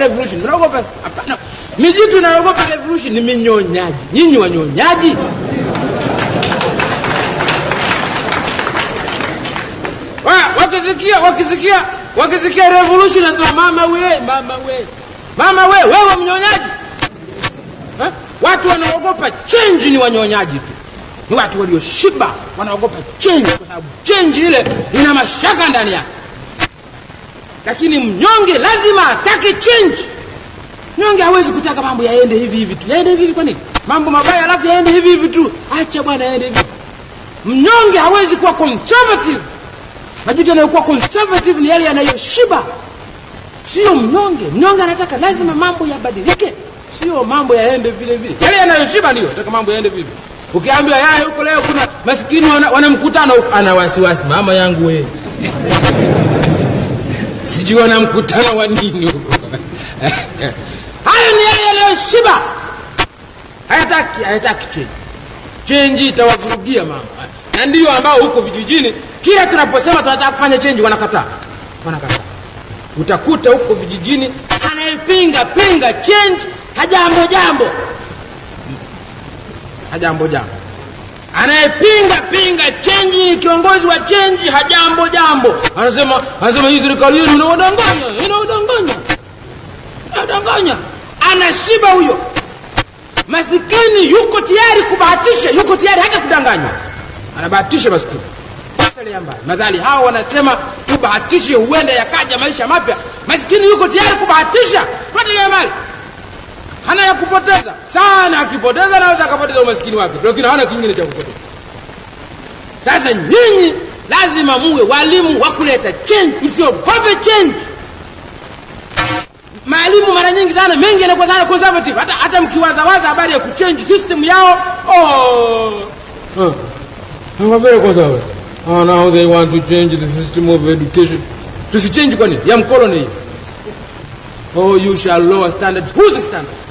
revolution mnaogopa? Hapana, Miji tunaogopa revolution ni minyonyaji. Nyinyi wanyonyaji. Wa, wakisikia wakisikia wakisikia revolution nasema mama we, mama we, mama we, wewe mnyonyaji ha? Watu wanaogopa change ni wanyonyaji tu, ni watu walioshiba wanaogopa change, kwa sababu change ile ina mashaka ndani yake lakini mnyonge lazima atake change. Mnyonge hawezi kutaka mambo yaende hivi hivi tu, yaende hivi hivi. Kwa nini mambo mabaya alafu yaende hivi hivi tu? Acha bwana, yaende hivi. Mnyonge hawezi kuwa conservative. Majitu yanayokuwa conservative ni yale yanayoshiba, sio mnyonge. Mnyonge anataka lazima mambo yabadilike, sio mambo yaende vile vile. Yale yanayoshiba ndio nataka mambo yaende vile ukiambia Ukiambiwa huko leo kuna maskini wanamkutana wana mkutano, ana wasiwasi, mama yangu wewe sijui wana mkutano wa nini huko hayo ni yale yanayoshiba hayataki hayataki chenji chenji itawavurugia mama na ndiyo ambao huko vijijini kila tunaposema tunataka kufanya chenji wanakataa wanakataa utakuta huko vijijini anayepinga pinga chenji hajambo jambo hajambo jambo anayepinga pinga chenji ni kiongozi wa chenji hajambo jambo anasema anasema hii serikali yenu inawadanganya inawadanganya inawadanganya anashiba huyo masikini yuko tayari kubahatisha yuko tayari hata kudanganywa anabahatisha masikini madhali hao wanasema tubahatishe huenda yakaja maisha mapya masikini yuko tayari kubahatisha patelea mbali hana ya kupoteza sana, akipoteza naweza akapoteza umaskini wake, lakini hana kingine cha kupoteza. Sasa nyinyi lazima muwe walimu wa kuleta change, msiogope change. Maalimu mara nyingi sana mengi yanakuwa sana conservative, hata hata mkiwazawaza habari ya kuchange system yao oh. Huh. Ah. Oh, ah, now they want to change the system of education. Tusichange kwani ya mkoloni Oh, you shall lower standards. Whose standards